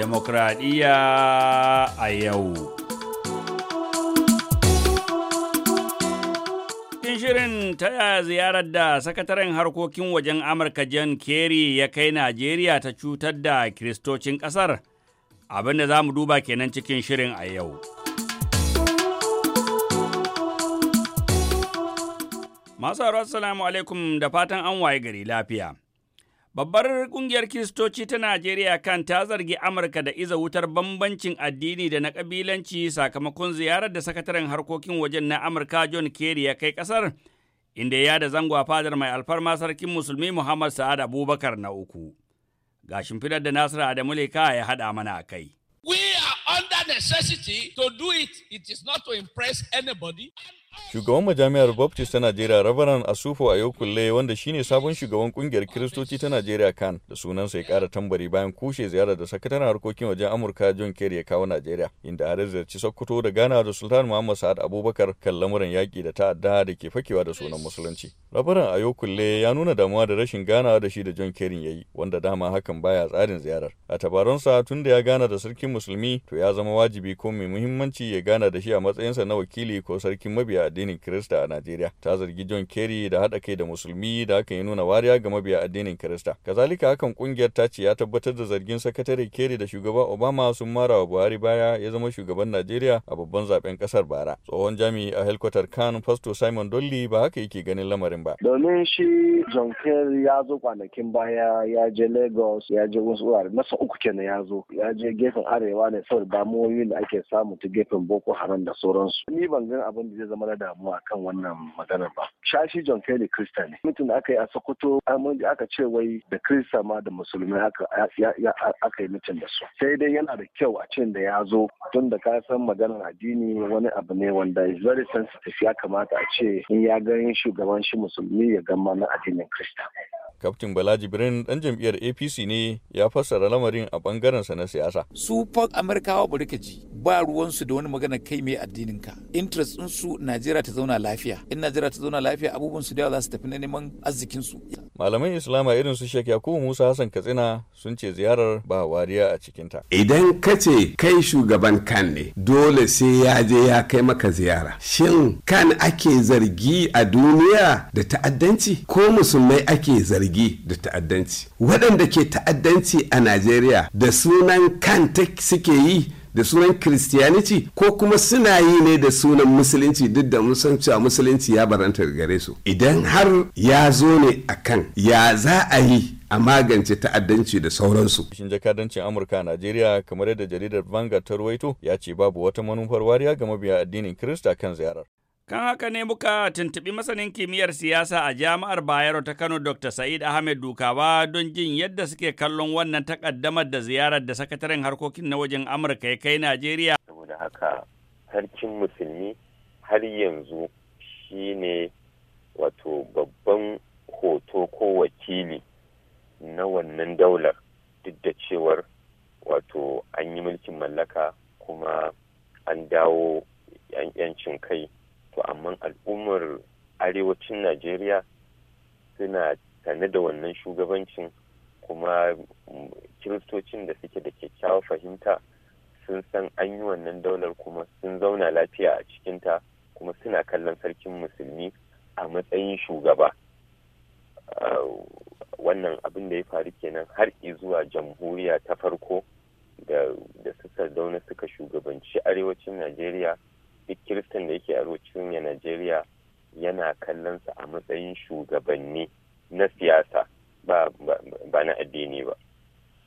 demokradiyya a yau. Cikin shirin ta ziyarar da sakataren harkokin wajen Amurka John Kerry ya kai Najeriya ta cutar da kiristocin ƙasar, abin da za mu duba kenan cikin shirin a yau. Masu assalamu alaikum da fatan an waye gari lafiya. Babbar ƙungiyar Kiristoci ta Najeriya kan ta zargi Amurka da iza wutar bambancin addini da na kabilanci sakamakon ziyarar da sakataren harkokin wajen na Amurka John Kerry ya kai ƙasar, inda ya da zango a fadar mai alfarma sarkin musulmi Muhammad Sa'ad Abubakar na uku. Ga shimfidar da Nasiru Adamu Leka ya haɗa mana a kai. We are under necessity to do it. It is not to impress anybody. Shugaban majami'ar Baptist ta Najeriya Rabaran Asufo Ayokulle wanda shine sabon shugaban kungiyar Kiristoci ta Najeriya kan da sunansa ya kara tambari bayan kushe ziyarar da sakataren harkokin wajen Amurka John Kerry ya kawo Najeriya inda har ziyarci Sokoto da gana da Sultan Muhammad Sa'ad Abubakar kan lamuran yaƙi da ta'adda da ke fakewa da sunan musulunci. Rabaran Ayokulle ya nuna damuwa da rashin ganawa da shi da John Kerry yi wanda dama hakan baya tsarin ziyarar. A tabaronsa tun da ya gana da sarkin musulmi to ya zama wajibi ko mai muhimmanci ya gana da shi a matsayinsa na wakili ko sarkin mabiya mabiya addinin Kirista a Najeriya. Ta zargi John Kerry da haɗa kai da musulmi da hakan ya nuna wariya ga mabiya addinin Kirista. Kazalika hakan kungiyar ta ce ya tabbatar da zargin sakatare Kerry da shugaban Obama sun mara wa Buhari baya ya zama shugaban Najeriya a babban zaben kasar bara. Tsohon jami'i a helkwatar kan Fasto Simon Dolly ba haka yake ganin lamarin ba. Domin shi John Kerry ya zo kwanakin baya ya je Lagos ya je wasu wurare masa uku kenan ya zo ya je gefen arewa ne saboda damuwoyin da ake samu ta gefen Boko Haram da sauransu. Ni ban gan abin da zai zama fara damuwa kan wannan maganar ba shashi john kelly krista ne mutum da aka yi a sokoto aka ce wai da kirista ma da musulmi aka yi mutum da su sai dai yana da kyau a cin da ya zo tun da ka san maganar addini wani abu ne wanda is very sensitive ya kamata a ce in ya ganin shugaban shi musulmi ya gama na addinin krista Kaftin Bala Jibrin dan jam'iyyar APC ne ya fassara lamarin a bangarensa na siyasa. Su fa Amurkawa bari ka ji ba ruwansu da wani magana kai mai addinin ka. Interest din su Najeriya ta zauna lafiya. In Najeriya ta zauna lafiya abubuwan su da za su tafi na neman arzikin su. Malaman Islama irin su shek Yakubu Musa Hassan Katsina sun ce ziyarar ba wariya a cikin ta. Idan ka ce kai shugaban kan ne dole sai ya je ya kai maka ziyara. Shin kan ake zargi a duniya da ta'addanci ko musulmai ake zargi zargi da ta'addanci waɗanda ke ta'addanci a najeriya da sunan kanta suke yi da sunan christianity ko kuma suna yi ne da sunan musulunci duk da san cewa musulunci ya baranta gare su idan har ya zo ne a kan ya za a yi a magance ta'addanci da sauransu. Shin jakadancin Amurka a Najeriya kamar yadda jaridar Vanga ta ruwaito ya ce babu wata manufar wariya ga mabiya addinin Kirista kan ziyarar. Kan haka ne muka tuntuɓi masanin kimiyyar siyasa a jami'ar Bayero ta Kano Dr. Sa'id Ahmed Dukawa don jin yadda suke kallon wannan takaddamar da ziyarar da sakataren harkokin na wajen Amurka ya kai Najeriya. Saboda haka sarkin musulmi har yanzu shine wato babban hoto ko wakili na wannan daular duk da cewar wato an yi mulkin mallaka kuma an dawo yancin kai to amma al'ummar arewacin najeriya suna tane da wannan shugabancin kuma kiristocin da suke da kyakkyawa fahimta sun san an yi wannan daular kuma sun zauna lafiya a cikinta kuma suna kallon sarkin musulmi a matsayin shugaba ah, wannan abin da ya faru kenan har zuwa jamhuriya ta farko da suka zauna suka shugabanci arewacin najeriya duk kiristan da yake arewacin ya najeriya yana kallon su a matsayin shugabanni na siyasa ba na addini ba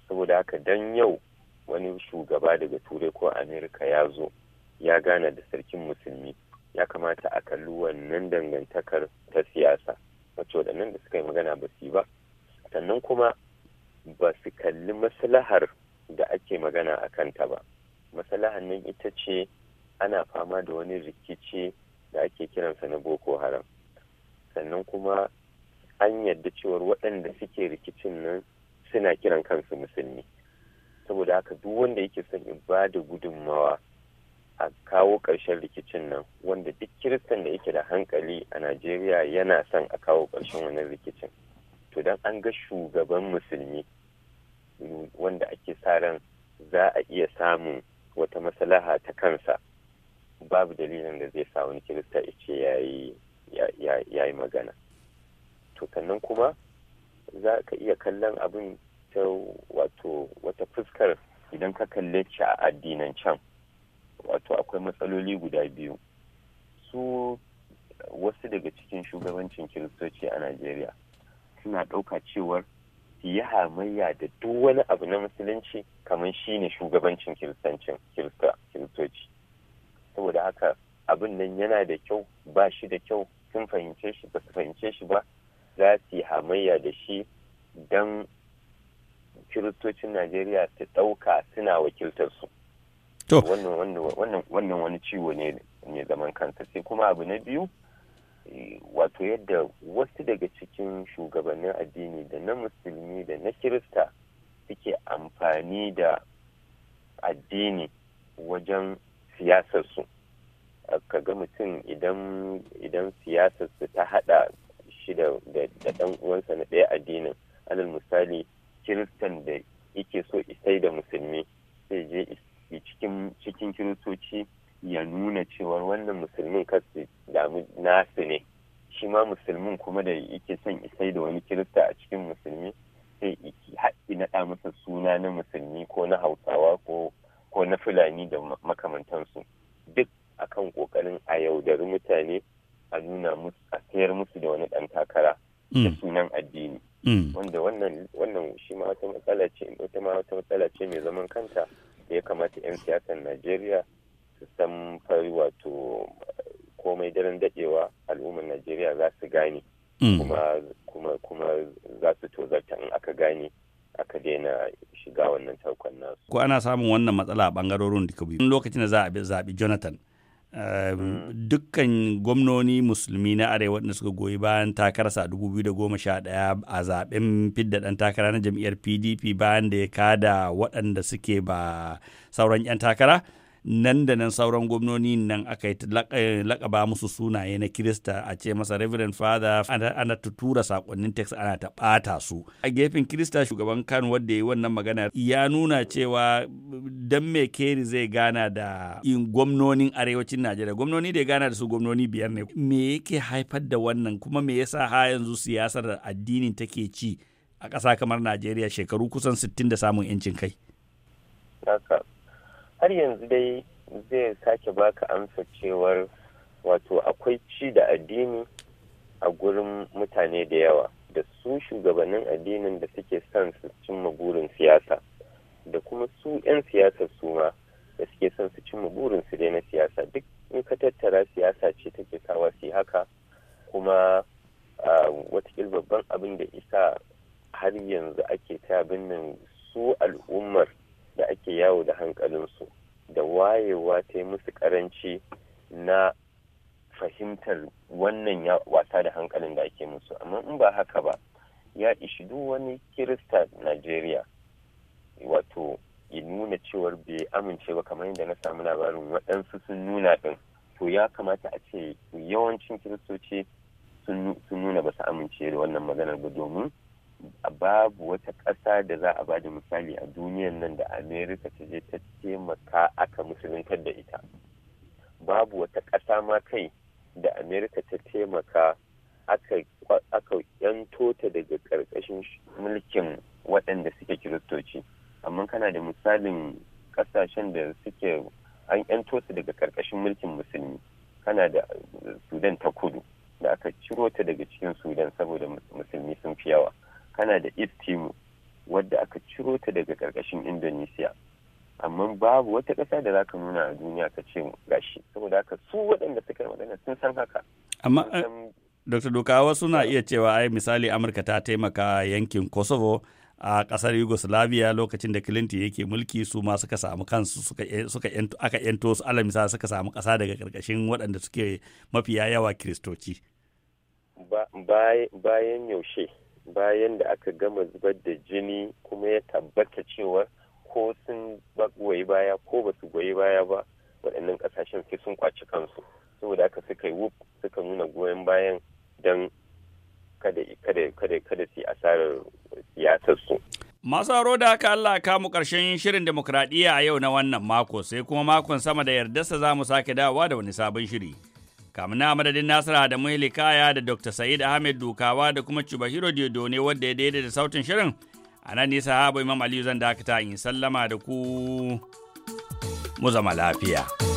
saboda haka dan yau wani shugaba daga turai ko amerika ya zo ya gana da sarkin musulmi ya kamata a kalli wannan dangantakar ta siyasa wacce waɗannan da suka yi magana ba su ba sannan kuma ba su kalli maslahar da ake magana a kanta ba maslahar nan ita ce ana fama da wani rikici da ake kiransa na boko haram sannan kuma an yadda cewar waɗanda suke rikicin nan suna kiran kansu musulmi saboda haka duk wanda yake son in ba da gudunmawa a kawo ƙarshen rikicin nan wanda duk kiristan da yake da hankali a najeriya yana son a kawo ƙarshen wannan rikicin to dan an ga shugaban musulmi wanda ake sa ran za a iya samun wata maslaha ta kansa babu dalilin da zai sa wani kirista ya ce ya yi magana to sannan kuma za ka iya kallon abin ta wato wata fuskar idan ka kalle shi a addinan can wato akwai matsaloli guda biyu su wasu daga cikin shugabancin kiristoci a najeriya suna ɗauka cewar su yi hamayya da duk wani abu na musulunci kamar shi ne shugabancin kiristoci saboda haka abin nan yana da kyau ba shi da kyau sun fahimce shi ba su fahimce shi ba za su yi hamayya da shi don kiristocin najeriya ta ɗauka suna wakiltar su. wannan wani ciwo ne ne zaman kansa sai kuma abu na biyu wato yadda wasu daga cikin shugabannin addini da na musulmi da na kirista suke amfani da addini wajen siyasarsu ka ga mutum idan siyasarsu ta haɗa shi da ɗan uwansa na ɗaya addinin alal misali kiristan da yake so isai da musulmi sai je cikin kiristoci ya nuna cewa wannan musulmin kasu damu nasu ne shi ma musulmin kuma da yake son isai da wani kirista a cikin musulmi sai iki haɗi naɗa masa suna na musulmi ko na hausawa na fulani da makamantansu duk akan kokarin a yaudari mutane a nuna musu a sayar musu da wani ɗan takara da mm. sunan addini mm. wanda wannan shi ma wata matsala ce wata ma wata matsala ce mai zaman kanta da ya kamata 'yan siyasar najeriya su san fari wato komai daren dadewa al'ummar najeriya za su gane mm. kuma kuma za su tozarta in aka gane aka daina shiga wannan tarkon nasu. Ko ana samun wannan matsala a bangarorin duka biyu. lokacin da za a zaɓi Jonathan. Eh, hmm. Dukkan gwamnoni musulmi na arewa da suka goyi bayan takararsa a 2011 a zaɓen fidda ɗan takara na jam'iyyar PDP bayan da ya kada waɗanda suke ba sauran 'yan takara. nan da nan sauran gwamnoni nan aka yi lakaba eh, musu sunaye na kirista a ce masa reverend father ana tutura sakonnin text ana ta bata su a gefen kirista shugaban kan wanda yi wannan magana ya nuna cewa dan me keri zai gana da gwamnonin arewacin najeriya gwamnoni da ya gana da su gwamnoni biyar ne me yake haifar da wannan kuma me yasa ha yanzu siyasar addinin take ci a ƙasa kamar najeriya shekaru kusan 60 da samun 'yancin kai har yanzu dai zai sake baka amsa cewar wato akwai ci da addini a gurin mutane da yawa da su shugabannin addinin da suke son su cimma burin siyasa da kuma su 'yan siyasar su ma da suke son su cimma burin su dai na hankalin da ake musu amma in ba haka ba ya ishi duk wani kirista najeriya wato ya nuna cewar bai amince ba kamar yadda na samu labarin waɗansu sun nuna ɗin to ya kamata a ce yawancin kiristoci sun nuna ba su amince da wannan maganar ba domin babu wata ƙasa da za a bada misali a duniyan nan da amerika ta je ta taimaka aka musuluntar da ita babu wata ƙasa ma kai da amerika ta taimaka aka yanto ta daga ƙarƙashin mulkin waɗanda suke kiristoci amma kana da misalin ƙasashen da suke an yanto su daga ƙarƙashin mulkin musulmi kana da sudan ta kudu da aka ciro ta daga cikin sudan saboda musulmi sun fi yawa kana da east timor wadda aka ciro ta daga ƙarƙashin indonesia amma babu wata ƙasa da za ka nuna a duniya ka ce gashi saboda haka su waɗanda suka yi magana sun san haka amma Dr. Duka wasu na iya cewa ai misali Amurka ta taimaka yankin Kosovo a kasar Yugoslavia lokacin da Clinton yake mulki su ma suka samu kansu suka aka yanto su ala misali suka samu kasa daga karkashin waɗanda suke mafiya yawa kiristoci. Bayan yaushe bayan da aka gama zubar da jini kuma ya tabbata cewa ko sun goyi baya ko ba su goyi baya ba waɗannan ƙasashen sai sun kwaci kansu. saboda aka suka yi wuf suka nuna goyon bayan don kada su asarar siyasarsu. Masu haro da haka Allah kamu karshen shirin demokradiyya a yau na wannan mako sai kuma makon sama da yardarsa za mu sake dawowa da wani sabon shiri. Kamun na madadin Nasiru Adamu Hilikaya da Dr. Sa'id Ahmed Dukawa da kuma Chubahiro Diodone wadda ya daidai da sautin shirin. A nan nisa habu Imam Aliyu zan dakata in sallama da ku mu zama lafiya.